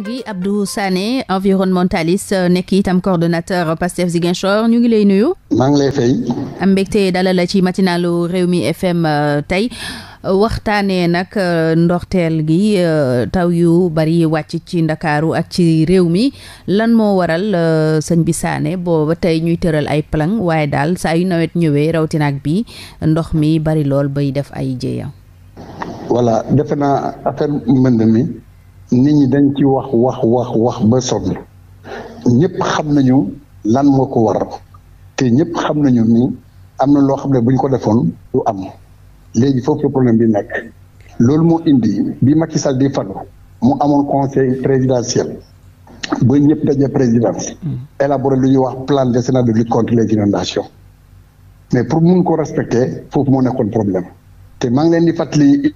Tanguy Abdou Sané environnementaliste euh, nekk itam coordonnateur euh, Pastef Ziguinchor ñu ngi lay nuyu. maa ngi lay fay. am mbégte dalal la ci matinalu Rewmi FM euh, tey waxtaanee nag ndoxteel gi taw yu bari wàcc ci ndakaaru ak ci réew mi lan moo waral sëñ bi Sané booba tey ñuy tëral ay plan waaye daal saa yu nawet ñëwee rawatina bi ndox mi bari lool bay def ay jéeya. voilà defe naa affaire mi. nit ñi dañ ci wax wax wax wax ba sonn ñëpp xam nañu lan moo ko war te ñëpp xam nañu ni am na loo xam ne buñ ko defoon du am léegi foofu la problème bi nekk loolu moo indi bi Macky Sall di falu mu amoon conseil présidentiel ba ñëpp daje présidence mm. élaboré lu ñuy wax plan décennal de lutte contre les inondations mais pour mun ko respecter foofu moo nekkoon problème te maa leen di fàttali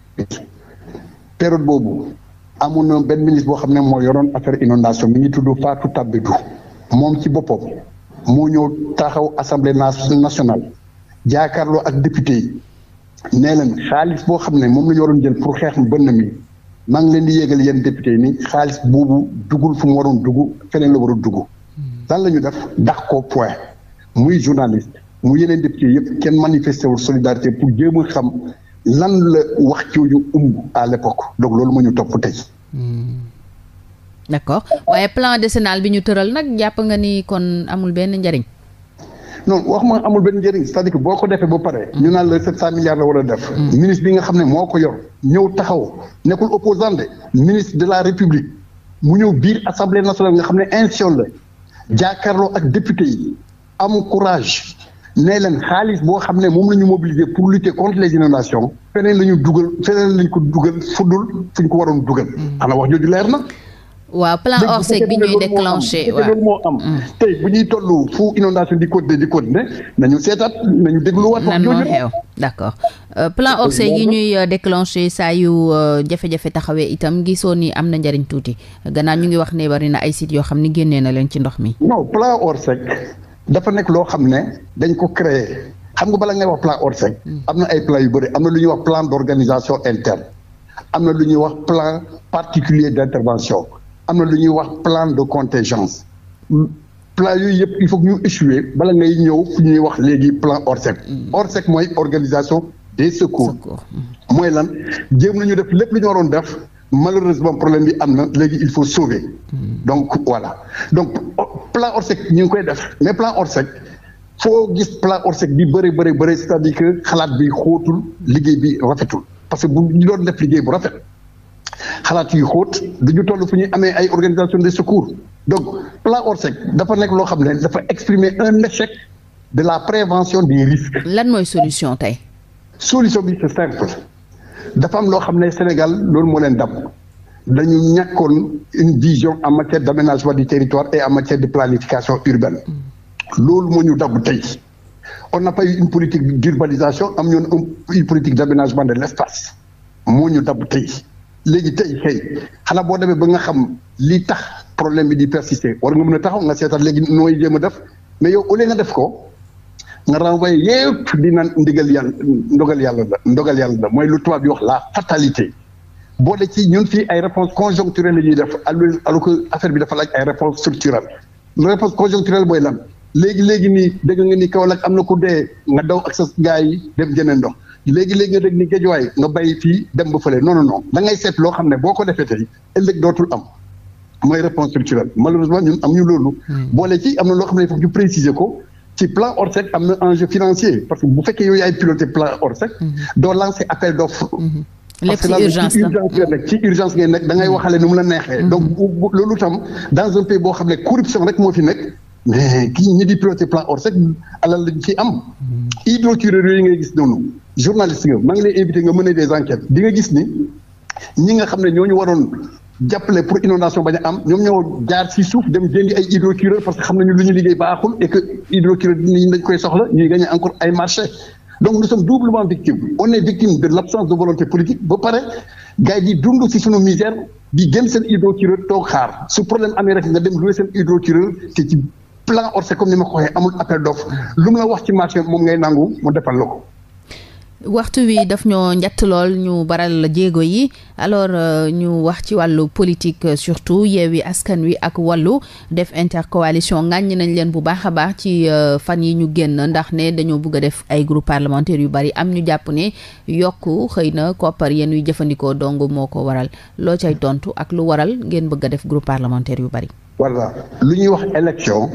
période boobu amoon na benn ministre boo xam ne mooy yoroon affaire inondation mi ngi tudd Fatou Tabidou moom ci boppam moo ñëw taxaw assemblée nationale jaakaarloo ak député yi nee leen xaalis boo xam ne moom la waroon jël pour xeex bënn mi maa ngi leen di yégal yéen député yi ni xaalis boobu dugul fu mu waroon dugg feneen la war a dugg lan la ñu def dax ko point muy journaliste mu yeneen député yëpp kenn manifesté wul solidarité pour jéem a xam lan la wax cooju umb à l'époque donc loolu ma ñu topp tey Hmm. d' accord waaye plan décennal bi ñu tëral nag jàpp nga ni kon amul benn njariñ njëriñ. non waxuma amul benn njëriñ c'est-à-dire boo ko defee ba pare. Hmm. ñu naan la 700 milliards la war a def. Hmm. ministre bi nga xam ne moo ko yor ñëw taxaw nekkul opposant de ministre de la république mu ñëw biir assemblée nationale nga xam ne institution la jaakaarloo ak député yi am courage. ne leen xaalis boo xam ne moom la ñu mobiliser pour lutter contre les inondations feneen la ñu dugal feneen la ko dugal fuddul fu ñu ko waroon dugal. Mm-hmm. ana wax jooju leer na. waaw plan Orsec bi ñuy déclenché waaw loolu moo am mm-hmm. toll fu inondation di continuer di continuer nañu seetaat nañu euh, yi ñuy euh, déclenché saa yu euh, jafe-jafe taxawee itam gisoo ni am na njariñ tuuti gannaaw ñu ngi wax ne bari na ay sites yoo xam ne génnee na leen ci ndox mi. dafa nekk loo xam ne dañ ko créer xam nga bala ngay wax plan ORSEC hmm. am na ay plan yu bëri am na lu ñuy wax plan d'organisation interne am na lu ñuy wax plan particulier d'intervention am na lu ñuy wax plan de contingence plan yooyu yëpp il faut que ñu échouer bala ngay ñëw fu ñuy wax léegi plan ORSEC hmm. ORSEC mooy organisation des secours hmm. mooy lan jéem nañu def lépp lu ñu waroon def malheureusement problème est am il faut sauver donc voilà donc plan Orsec sec, ngi koy def mais plan Orsec foo gis plan Orsec bi bëri bëri bëri c'est-à-dire que xalaat bi xóotul liggéey bi rafetul parce que bu ñu doon le liggéey bu rafet xalaat yu xóot duñu toll fu ñuy amee ay organisation de secours donc plan Orsec dafa nekk loo xam dafa exprimer un échec de la prévention des risques. est la solution tey. solution bi c'est simple dafa am loo xam ne Sénégal loolu moo leen dab dañu ñàkkoon une vision en matière d' aménagement du territoire et en matière de planification urbaine loolu moo ñu dab tey on n'a pas eu une politique d'urbanisation am ñoon une politique d' aménagement de l' espace moo ñu dab tey léegi tey kay xanaa boo demee ba nga xam li tax problème bi di persister war nga mën a taxaw nga seetal léegi nooy jéem a def mais yow au lieu nga def ko nga renvoyé yëpp di naan ndigal yàlla ndogal yàlla ndogal yàlla la mooy lu tubaab di wax la fatalité boole ci ñun fii ay réponse conjoncturelle la ñuy def alors que affaire bi dafa laaj ay réponse structurelle réponse conjoncturelle booy lan léegi léegi nii dégg nga ni Kaolack am na ku dee nga daw ak sa gars yi dem jëneen ndox léegi léegi nga dégg ni géejuwaay nga bay fii dem ba fële non non da ngay seet loo xam ne boo ko defee tey ëllëg dootul am mooy réponse structurelle malheureusement ñun am ñu loolu. Hmm. boole ci am na loo xam ne il ñu préciser ko. Le plan ORSEC a un enjeu financier parce que bu fekkee yow yaay piloté plan ORSEC. Mhm. lancé appel d'offre. Mhm. urgence da donc dans un pays boo xam corruption rek moo fi mais plan ORSEC alal lañ ci am. Mhm. hydrocureur yooyu ngay journaliste mener des enquêtes ni nga jàppale pour inondation bañ am ñoom ñoo jaar ci suuf dem jëndi ay hydrocureur parce que xam nañu lu ñu liggéey baaxul et que hydrocureur nit ñi dañ koy soxla ñuy gagné encore ay marché donc nous sommes doublement victimes on victime de l'absence de volonté politique ba pare gars yi di dund ci sunu misère di jëm seen hydrocureur toog xaar su problème amee rek nga dem loué seen hydrocureur te ci plan ORSEC comme ni ma ko waxee amul appel d'offre lu mu la wax ci marché moom ngay nangu mu defal la ko waxtu wi daf ñoo njatt lool ñu baral jéego yi alors euh, ñu wax ci wàllu politique euh, surtout yi Askan Wi ak Wallu def intercoalition ŋàññi nañ leen bu baax a baax ci euh, fan yi ñu génn ndax ne dañoo bëgg a def ay groupe parlementaire yu bari am ñu jàpp ne yokk xëy na koppar yéen yuy jëfandikoo dong moo ko waral loo cay tontu ak lu waral ngeen bëgg def groupe parlementaire yu bari. voilà lu ñuy wax élection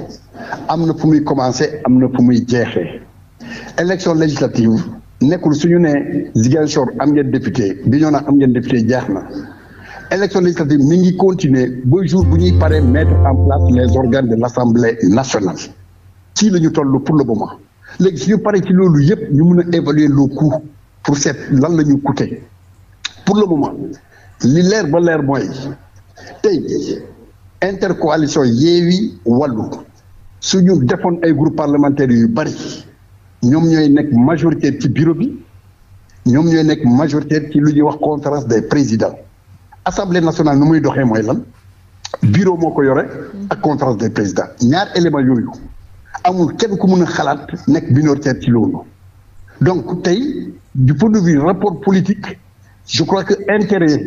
am na fu muy commencer am na fu muy jeexee élection nekul suñu ne Ziguinchor am ngeen député na am ngeen député jeex na élection législative mi ngi continuer ba jour bu ñuy mettre en place les organes de l'Assemblée nationale ci la ñu pour le moment léegi suñu paré ci loolu yépp ñu mun a évaluer le coût pour cette lan lañu coûté pour le moment li leer ba leer mooy tey intercoalition Yewwi Wallu suñu defoon ay groupe parlementaire yu bari ñom ñoy une majorité ci bureau bi ñom ñoy une majorité ci lu est wax conférence des présidents assemblée nationale nu muy doxee lan bureau moko yoré ak conférence des présidents ñaar élément a amul kenn ku y a nek minorité ci lolu donc tay du point de vue rapport politique je crois que intérêt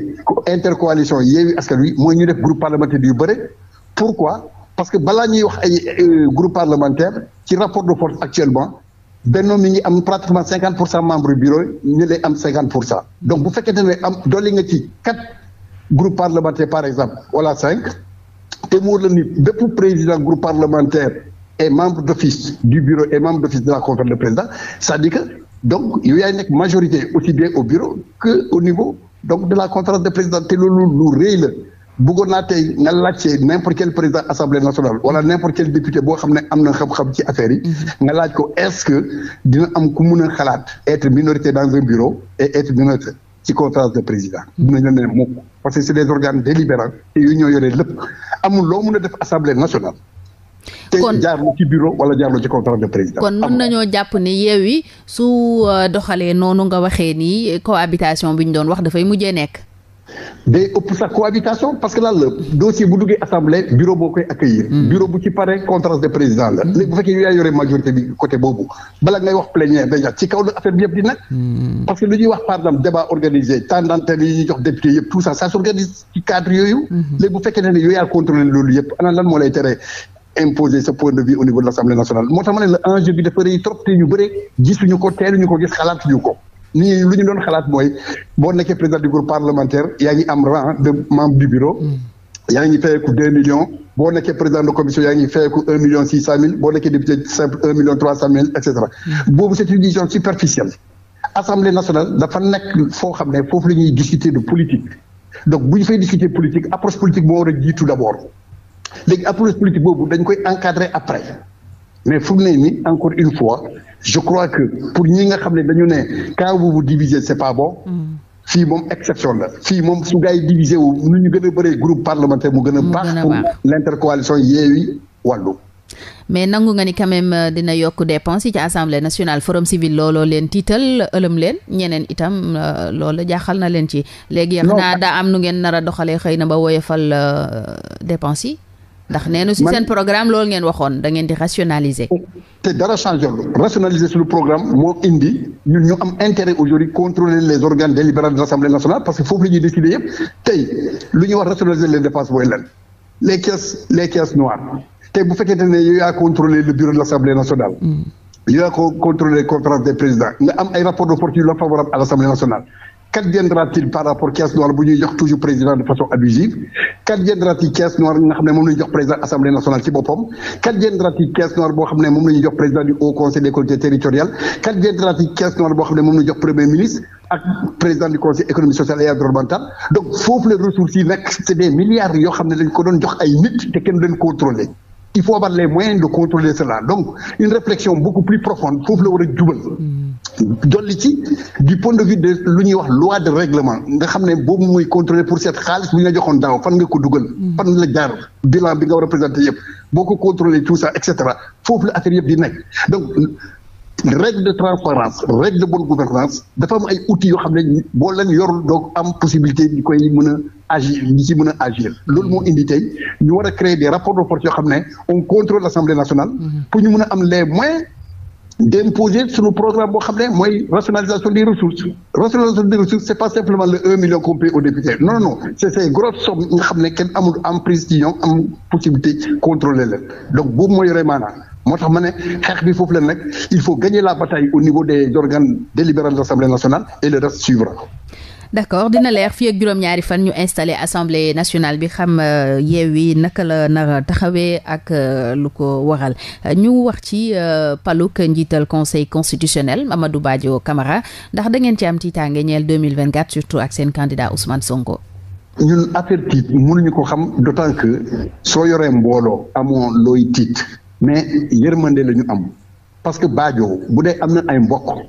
intercoalition Yewwi Askan Wi moy ñu def groupe parlementaire pourquoi parce que bala ñuy wax ay euh, groupe parlementaire qui rapporte de force actuellement Benno mi a pratiquement 50% de membres du bureau mais les am a donc vous faites que am avez, 4 quatre groupes parlementaires par exemple wala cinq te la président du président groupe parlementaire et membre d'office du bureau et membre d'office de la conférence de président Ça dit que donc il y a une majorité aussi bien au bureau que au niveau de la conférence de président C'est le bëggoon naa tey nga laajte n'importe quel président assemblée nationale wala n'importe quel député boo xam ne am na xam-xam ci affaire yi. Mhm. nga laaj ko est-ce que dina am ku mun a xalaat. être minorité dans un bureau et être minorité ci conférence de président. Mhm. dinañ la ne parce que c'est des organes ñoo yore lépp amul loo mun a def assemblée nationale. kon te jaarlu ci wala jaarlu ci conférence de président. kon mën nañoo jàpp ne Yewwi su euh, doxalee noonu nga waxee nii cohabitation bi ñu doon wax dafay mujjee nekk. day ëpp sa cohabitation parce que là la dossier bu duggee assemblée bureau boo koy accueillir. Hmm. bureau bu ci pare conférence de président la. Hmm. léegi bu fekkee yow yaa yore majorité bi côté boobu bala ngay wax plénière déjà ci kaw la affaire bi yëpp di nag. Hmm. parce que lu ñuy wax par exemple débat organisé tant d'antenne yi ñuy jox député yëpp tout ça ça s'organise ci cadre yooyu. léegi bu fekkee ne yow yaa contrôlé loolu yëpp ana lan moo lay tere. imposer ce point de vue au niveau de l'Assemblée nationale moo tax ma ne la enjeu bi dafa rëy trop te ñu bëre gisuñu ko teeluñu ko gis xalaatuñu ko. Si vous président du groupe parlementaire il ngi am rang de membre du bureau. Hmm. yaa ngi fayeeku 2 millions boo nekkee président de commission yaa ngi fayeeku un million six cent mille boo député simple 1 million trois cent etc. et hmm. c'est une vision superficielle. assemblée nationale il faut que xam ne foofu la discuter de politique donc bu ñu fay discuter politique approche politique on war dit tout d'abord léegi approche politique boobu dañ koy encadrer après mais fu mu encore une fois je crois que pour ñi nga xam vous dañu ne cas bu diviser c'est pas bon. Mm. fii moom exception la fii moom su gars yi divisé wu nu ñu groupe parlementaire mu gën a l'intercoalition yéwi Wallu mais nangu nga quand même euh, dina yokk dépense yi ci assemblée nationale forum civil looloo leen tiital ëlëm leen ñeneen itam euh, lolo jaaxal na leen ci léegi yam naa daa am nu ngeen nar a doxalee ba woyofal euh, dépense ndax avons un programme loolu ngeen waxoon da ngeen di rationaliser. te dara rationaliser programme moo indi ñun ñu am intérêt aujourd'hui contrôler les organes délibérants de l'Assemblée nationale parce qu'il faut que ñuy décider yëpp tey lu rationaliser les dépenses les caisses les caisses noires tey bu fekkente ne yow contrôler le bureau de l'Assemblée nationale. Mm. yow yaa ko contrôler conférence des présidents nga am ay rapports de fortune favorable à l'Assemblée nationale qu'adviendra-t-il par rapport à Kias bu ñuy jox toujours président de façon abusive qu'adviendra-t-il caisse noire bi nga xam président assemblée nationale ci qu'adviendra-t-il caisse noire boo xam ne président du haut conseil des collectivités territoriales qu'adviendra-t-il caisse noire boo xam ne premier ministre président du conseil économique social et environnemental donc faut que les ressources yi c'est des milliards il faut que les ko soient jox contrôler il faut avoir les moyens de contrôler cela donc une réflexion beaucoup plus profonde faut que les ressources dolli ci du point de vue de lu wax loi de règlement nga xamné bo boobu muy contrôler pour cette xaliss bu la joxone daw fan nga ko duggal mm. fan la jaar bilan bi nga war a présenter yëpp contrôler tout ça etc faut foofu la affaire yépp di nek donc. règle de transparence règle de bonne gouvernance dafa am ay outils yo xamné bo boo leen donc am possibilité di koy mëna agir di ci mëna agir loolu mo indi tey ñu wara créer des rapports de force yoo xam ne on contrôle l'Assemblée nationale mm-hmm. pour ñu mëna am les moyens d'imposer sur le programme moi, rationalisation des ressources rationalisation des ressources ce n'est pas simplement le 1 million qu'on aux députés non non c'est ces grosses sommes qui ont ne possibilité amul contrôler donc si vous il faut gagner la bataille au niveau des organes délibérants de l'Assemblée nationale et le reste suivra d'accord dina leer fi ak juróom-ñaari fan ñu installé assemblée nationale bi xam euh, Yewwi naka la na taxawee ak euh, lu ko waral ñu wax ci euh, paluk njiital conseil constitutionnel Mamadou Badio Camara ndax da ngeen ci am tiitaange ñeel 2024 surtout ak seen candidat Ousmane Sonko. ñun affaire tiit mënuñu ko xam d'autant que soo yoree mbooloo amoo looy tiit mais yërmande la ñu am parce que Badio bu dee am na ay mbokk.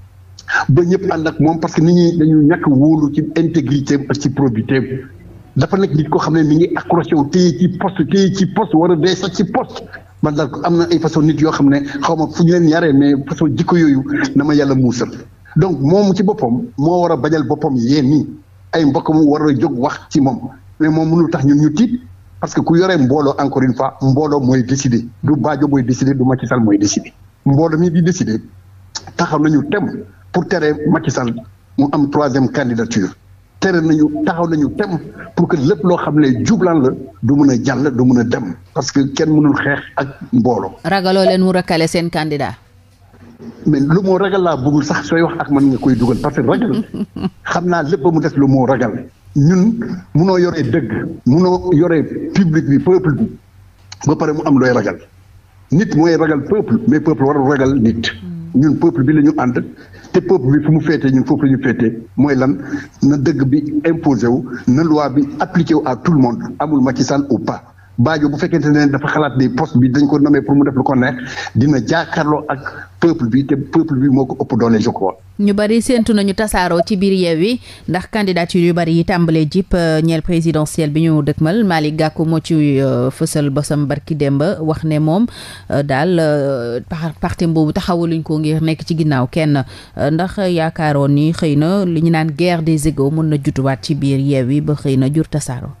ba ñëpp ànd ak moom parce que nit ñu dañu ñàkk wóolu ci intégrité ak ci probité dafa nekk nit koo xam ne mi ngi accroché wu téye ci poste téye ci war a dee sax ci poste man am na ay façon nit yoo xam ne xaw ma fu ñu leen yaree mais façon jikko yooyu na ma yàlla muusal donc moom ci boppam moo war a bañal boppam yéen nii ay mbokkam war a jog wax ci moom mais moom mënul tax ñun ñu tiit parce que ku yore mbooloo encore une fois mbooloo mooy décider du Badio mooy décider du Macky Sall mooy décider mbooloo mi di décider taxaw nañu tem pour tere Macky Sall mu am troisième candidature tere nañu taxaw nañu tem pour que lépp loo xam ne jublaan la du mun a jàll du mun a dem parce que kenn mënul xeex ak mbooloo. ragaloo leen mu rakkale seen candidat. mais lu moo ragal laa bëggul sax sooy wax ak man nga koy dugal parce que ragal xam naa lépp ba mu des lu mu ragal ñun munoo yoree dëgg noo yoree public bi peuple bi ba pare mu am looy ragal nit mooy ragal peuple mais peuple warul ragal nit. Hmm. ñun peuple bi lañu ñu té peuple bi fu mu ñun fofu nous ñu lan na dëgg loi bi appliqué à tout le monde amul Macky ou pas Badio bu fekkente ne dafa xalaat ni poste bi dañ ko nommé pour mu def lu ko neex dina jàkkaarloo ak peuple bi te peuple bi moo ko ëpp doole je crois. ñu bari séentu nañu tasaaroo ci biir yeew yi ndax candidature yu bari yi tàmbalee jip euh, ñeel présidentielle bi ñu mal Malick gàkku moo ci euh, fësal bosam barki Demba wax ne moom euh, daal parti boobu taxawaluñ ko ngir nekk ci ginnaaw kenn ndax yaakaaroon ni xëy na li ñu naan guerre des égos mën na jutuwaat ci biir Yewwi ba xëy na jur tasaaroo.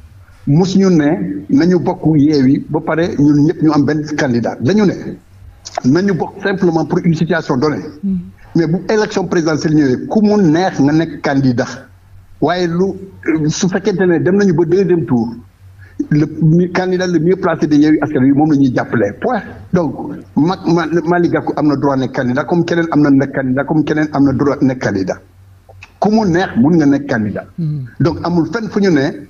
mus ñu ne nañu bokk Yewwi ba pare ñun ñëpp ñu am benn candidat dañu ne nañu bokk simplement pour une situation donnée mm. mais bu élection présidentielle ñëwee ku mu neex nga nekk candidat waaye lu su fekkente ne dem nañu ba deuxième tour le candidat le mieux placé de Yewwi Askan Wi moom la ñuy jàppale point donc ma ma Malick Gakou am na droit nekk candidat comme keneen am na nekk candidat comme keneen am na droit nekk candidat ku mu neex mun nga nekk candidat mm. donc amul fenn fu ñu ne